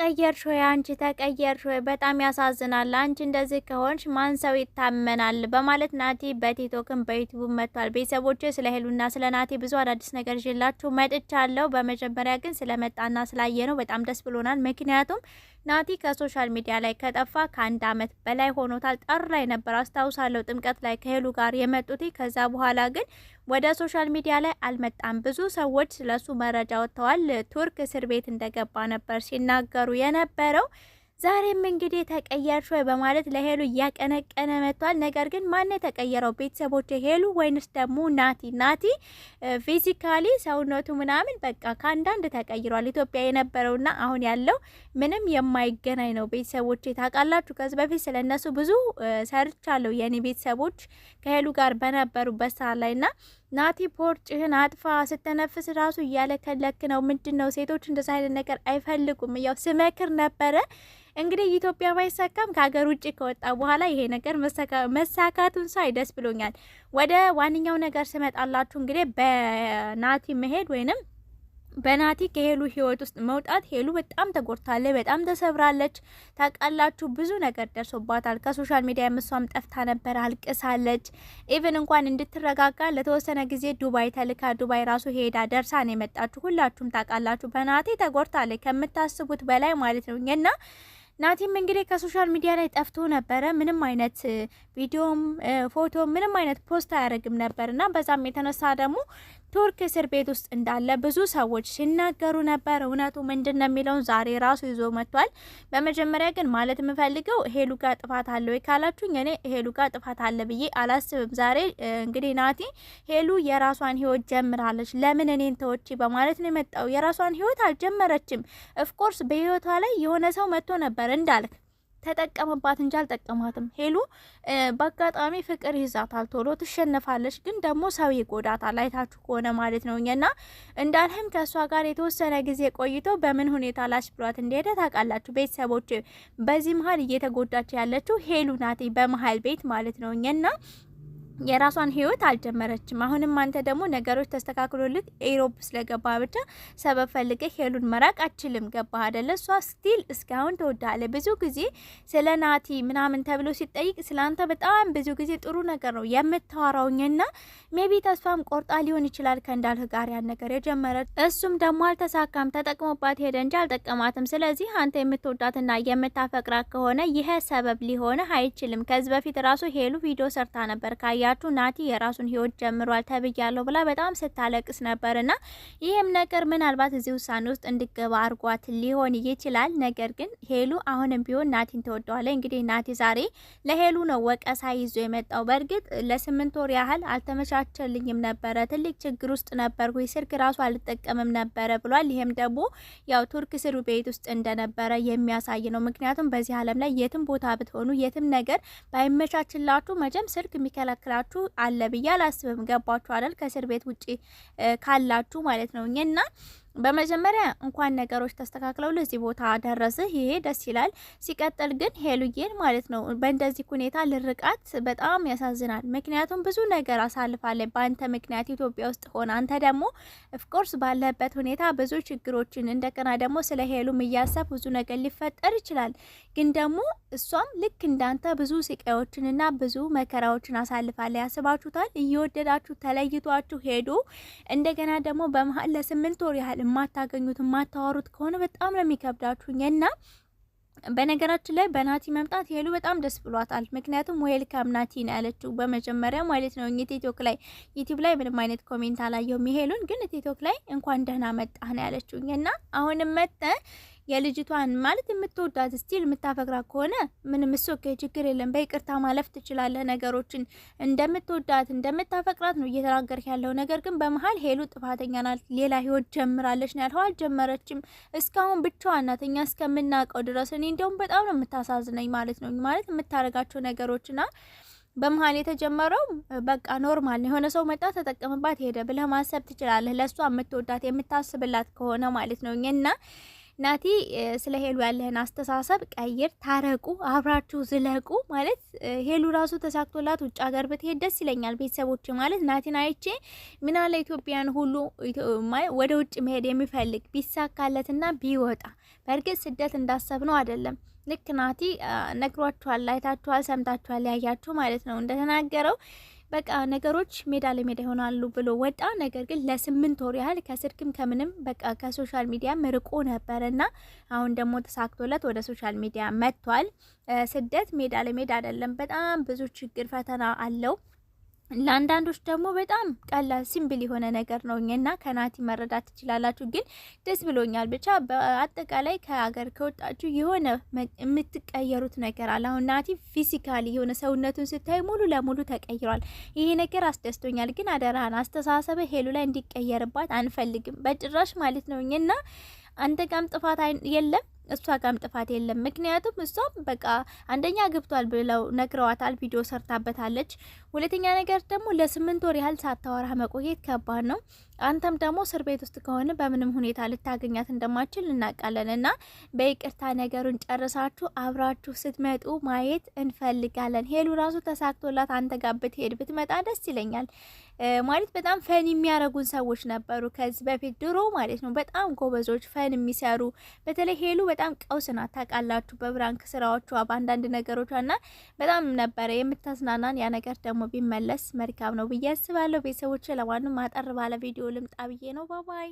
ተቀየርሽ ሆይ አንቺ ተቀየርሽ ሆይ በጣም ያሳዝናል። አንቺ እንደዚህ ከሆንሽ ማን ሰው ይታመናል? በማለት ናቲ በቲክቶክም በዩቲዩብ መጥቷል። ቤተሰቦች ስለ ሄሉና ስለ ናቲ ብዙ አዳዲስ ነገር ይዤላችሁ መጥቻለሁ። በመጀመሪያ ግን ስለመጣና ስላየ ነው በጣም ደስ ብሎናል። ምክንያቱም ናቲ ከሶሻል ሚዲያ ላይ ከጠፋ ከአንድ አመት በላይ ሆኖታል። ጠር ላይ ነበር አስታውሳለሁ፣ ጥምቀት ላይ ከሄሉ ጋር የመጡት ከዛ በኋላ ግን ወደ ሶሻል ሚዲያ ላይ አልመጣም። ብዙ ሰዎች ስለሱ መረጃ ወጥተዋል። ቱርክ እስር ቤት እንደገባ ነበር ሲናገሩ የነበረው። ዛሬም እንግዲህ ተቀየርሽ ወይ በማለት ለሄሉ እያቀነቀነ መጥቷል። ነገር ግን ማን የተቀየረው ቤተሰቦች ሄሉ ወይንስ ደግሞ ናቲ? ናቲ ፊዚካሊ ሰውነቱ ምናምን በቃ ከአንዳንድ ተቀይሯል። ኢትዮጵያ የነበረውና አሁን ያለው ምንም የማይገናኝ ነው። ቤተሰቦች ታውቃላችሁ፣ ከዚህ በፊት ስለነሱ ብዙ ሰርቻለሁ። የኔ ቤተሰቦች ከሄሉ ጋር በነበሩበት ሰዓት ላይ ና ናቲ ፖርጭህን አጥፋ ስተነፍስ ራሱ እያለከለክ ነው። ምንድን ነው ሴቶች እንደዚ አይነት ነገር አይፈልጉም። ያው ስመክር ነበረ እንግዲህ ኢትዮጵያ ባይሳካም ከሀገር ውጭ ከወጣ በኋላ ይሄ ነገር መሳካቱን ሳይ ደስ ብሎኛል። ወደ ዋነኛው ነገር ስመጣላችሁ እንግዲህ በናቲ መሄድ ወይንም በናቲ ከሄሉ ህይወት ውስጥ መውጣት ሄሉ በጣም ተጎድታለች፣ በጣም ተሰብራለች። ታውቃላችሁ ብዙ ነገር ደርሶባታል። ከሶሻል ሚዲያ የምሷም ጠፍታ ነበር፣ አልቅሳለች። ኢቨን እንኳን እንድትረጋጋ ለተወሰነ ጊዜ ዱባይ ተልካ ዱባይ ራሱ ሄዳ ደርሳ ነው የመጣችሁ። ሁላችሁም ታውቃላችሁ። በናቲ ተጎድታለች ከምታስቡት በላይ ማለት ነው እና ናቲም እንግዲህ ከሶሻል ሚዲያ ላይ ጠፍቶ ነበረ። ምንም አይነት ቪዲዮም ፎቶ ምንም አይነት ፖስት አያደርግም ነበር እና በዛም የተነሳ ደግሞ ቱርክ እስር ቤት ውስጥ እንዳለ ብዙ ሰዎች ሲናገሩ ነበር። እውነቱ ምንድን ነው የሚለውን ዛሬ ራሱ ይዞ መጥቷል። በመጀመሪያ ግን ማለት የምፈልገው ሄሉ ጋር ጥፋት አለ ወይ ካላችሁኝ እኔ ሄሉ ጋር ጥፋት አለ ብዬ አላስብም። ዛሬ እንግዲህ ናቲ ሄሉ የራሷን ህይወት ጀምራለች። ለምን እኔን ተወቺ በማለት ነው የመጣው። የራሷን ህይወት አልጀመረችም። ኦፍኮርስ በህይወቷ ላይ የሆነ ሰው መጥቶ ነበር ነበር እንዳልክ ተጠቀመባት እንጂ አልጠቀማትም። ሄሉ በአጋጣሚ ፍቅር ይዛታል፣ ቶሎ ትሸነፋለች፣ ግን ደግሞ ሰው ይጎዳታል። አይታችሁ ከሆነ ማለት ነው። እኛና እንዳልህም ከእሷ ጋር የተወሰነ ጊዜ ቆይቶ በምን ሁኔታ ላች ብሏት እንደሄደ ታውቃላችሁ ቤተሰቦች። በዚህ መሀል እየተጎዳች ያለችው ሄሉ ናት፣ በመሀል ቤት ማለት ነው እኛና የራሷን ህይወት አልጀመረችም። አሁንም አንተ ደግሞ ነገሮች ተስተካክሎልህ ኤሮፕ ስለገባ ብቻ ሰበብ ፈልገህ ሄሉን መራቅ አችልም። ገባህ አደለ? እሷ ስቲል እስካሁን ትወዳለህ። ብዙ ጊዜ ስለ ናቲ ምናምን ተብሎ ሲጠይቅ ስለ አንተ በጣም ብዙ ጊዜ ጥሩ ነገር ነው የምታወራውኝና ሜቢ ተስፋም ቆርጣ ሊሆን ይችላል ከእንዳልህ ጋር ያን ነገር የጀመረ እሱም ደግሞ አልተሳካም። ተጠቅሞባት ሄደ እንጂ አልጠቀማትም። ስለዚህ አንተ የምትወዳትና የምታፈቅራት ከሆነ ይሄ ሰበብ ሊሆንህ አይችልም። ከዚህ በፊት ራሱ ሄሉ ቪዲዮ ሰርታ ነበር ካያ እያችሁ ናቲ የራሱን ህይወት ጀምሯል ተብያለሁ ብላ በጣም ስታለቅስ ነበርና ይህም ነገር ምናልባት እዚህ ውሳኔ ውስጥ እንድገባ አርጓት ሊሆን ይችላል። ነገር ግን ሄሉ አሁንም ቢሆን ናቲን ተወደዋለ። እንግዲህ ናቲ ዛሬ ለሄሉ ነው ወቀሳ ይዞ የመጣው። በእርግጥ ለስምንት ወር ያህል አልተመቻቸልኝም ነበረ፣ ትልቅ ችግር ውስጥ ነበርኩ፣ ስልክ ራሱ አልጠቀምም ነበረ ብሏል። ይህም ደግሞ ያው ቱርክ ስሩ ቤት ውስጥ እንደነበረ የሚያሳይ ነው። ምክንያቱም በዚህ ዓለም ላይ የትም ቦታ ብትሆኑ የትም ነገር ባይመቻችላችሁ መቼም ስልክ የሚከለክላ ያላችሁ አለ ብዬ አላስብም። ገባችሁ አይደል? ከእስር ቤት ውጭ ካላችሁ ማለት ነው እና በመጀመሪያ እንኳን ነገሮች ተስተካክለው ለዚህ ቦታ ደረስህ፣ ይሄ ደስ ይላል። ሲቀጥል ግን ሄሉዬን ማለት ነው በእንደዚህ ሁኔታ ልርቃት በጣም ያሳዝናል። ምክንያቱም ብዙ ነገር አሳልፋለች በአንተ ምክንያት ኢትዮጵያ ውስጥ ሆነ አንተ ደግሞ ኦፍኮርስ ባለበት ሁኔታ ብዙ ችግሮችን እንደገና ደግሞ ስለ ሄሉም እያሰብ ብዙ ነገር ሊፈጠር ይችላል። ግን ደግሞ እሷም ልክ እንዳንተ ብዙ ስቃዮችንና ብዙ መከራዎችን አሳልፋለች። ያስባችሁታል? እየወደዳችሁ ተለይቷችሁ ሄዱ። እንደገና ደግሞ በመሀል ለስምንት ወር ያህል የማታገኙት የማታወሩት ከሆነ በጣም ነው የሚከብዳችሁኝ እና በነገራችን ላይ በናቲ መምጣት ሄሉ በጣም ደስ ብሏታል። ምክንያቱም ዌልካም ናቲ ነው ያለችው በመጀመሪያ ማለት ነው። ቲክቶክ ላይ ዩቲዩብ ላይ ምንም አይነት ኮሜንት አላየሁም። ሄሉን ግን ቲክቶክ ላይ እንኳን ደህና መጣ ነው ያለችው እና አሁንም መጠ የልጅቷን ማለት የምትወዳት ስቲል የምታፈቅራ ከሆነ ምንም እሶከ ችግር የለም፣ በይቅርታ ማለፍ ትችላለህ። ነገሮችን እንደምትወዳት እንደምታፈቅራት ነው እየተናገርክ ያለው። ነገር ግን በመሀል ሄሉ ጥፋተኛ ናት፣ ሌላ ህይወት ጀምራለች ነው ያልኸው። አልጀመረችም፣ እስካሁን ብቻዋን ናት፣ እኛ እስከምናውቀው ድረስ። እኔ እንዲያውም በጣም ነው የምታሳዝነኝ ማለት ነው ማለት የምታደርጋቸው ነገሮችና በመሀል የተጀመረው በቃ ኖርማል ነው። የሆነ ሰው መጣ ተጠቀምባት ሄደ ብለህ ማሰብ ትችላለህ። ለእሷ የምትወዳት የምታስብላት ከሆነ ማለት ነው እና ናቲ ስለ ሄሉ ያለህን አስተሳሰብ ቀይር፣ ታረቁ፣ አብራችሁ ዝለቁ። ማለት ሄሉ ራሱ ተሳክቶላት ውጭ ሀገር ብትሄድ ደስ ይለኛል። ቤተሰቦች ማለት ናቲን አይቼ ምናለ ኢትዮጵያን ሁሉ ወደ ውጭ መሄድ የሚፈልግ ቢሳካለትና ቢወጣ። በእርግጥ ስደት እንዳሰብ ነው አይደለም። ልክ ናቲ ነግሯችኋል፣ አይታችኋል፣ ሰምታችኋል፣ ያያችሁ ማለት ነው እንደተናገረው በቃ ነገሮች ሜዳ ለሜዳ ይሆናሉ ብሎ ወጣ። ነገር ግን ለስምንት ወር ያህል ከስልክም ከምንም በቃ ከሶሻል ሚዲያ ርቆ ነበር እና አሁን ደግሞ ተሳክቶለት ወደ ሶሻል ሚዲያ መጥቷል። ስደት ሜዳ ለሜዳ አይደለም። በጣም ብዙ ችግር ፈተና አለው። ለአንዳንዶች ደግሞ በጣም ቀላል ሲምብል የሆነ ነገር ነው እና ከናቲ መረዳት ትችላላችሁ። ግን ደስ ብሎኛል። ብቻ በአጠቃላይ ከሀገር ከወጣችሁ የሆነ የምትቀየሩት ነገር አለ። አሁን ናቲ ፊዚካሊ የሆነ ሰውነቱን ስታይ ሙሉ ለሙሉ ተቀይሯል። ይሄ ነገር አስደስቶኛል። ግን አደራህን አስተሳሰበ ሄሉ ላይ እንዲቀየርባት አንፈልግም በጭራሽ ማለት ነው እና አንተ ጋም ጥፋት የለም እሷ ጋም ጥፋት የለም። ምክንያቱም እሷም በቃ አንደኛ ገብቷል ብለው ነግረዋታል፣ ቪዲዮ ሰርታበታለች። ሁለተኛ ነገር ደግሞ ለስምንት ወር ያህል ሳታወራ መቆየት ከባድ ነው። አንተም ደግሞ እስር ቤት ውስጥ ከሆነ በምንም ሁኔታ ልታገኛት እንደማችል እናውቃለን። እና በይቅርታ ነገሩን ጨርሳችሁ አብራችሁ ስትመጡ ማየት እንፈልጋለን። ሄሉ ራሱ ተሳክቶላት አንተ ጋር ብትሄድ ብትመጣ ደስ ይለኛል። ማለት በጣም ፈን የሚያረጉን ሰዎች ነበሩ ከዚህ በፊት ድሮ ማለት ነው። በጣም ጎበዞች ፈን የሚሰሩ በተለይ ሄሉ በጣም ቀውስ ናት ታውቃላችሁ፣ በብራንክ ስራዎቿ በአንዳንድ ነገሮቿ ና በጣም ነበረ የምታዝናናን። ያ ነገር ደግሞ ቢመለስ መልካም ነው ብዬ አስባለሁ። ቤተሰቦች ለማንም አጠር ባለ ቪዲዮ ልምጣ ብዬ ነው። ባባይ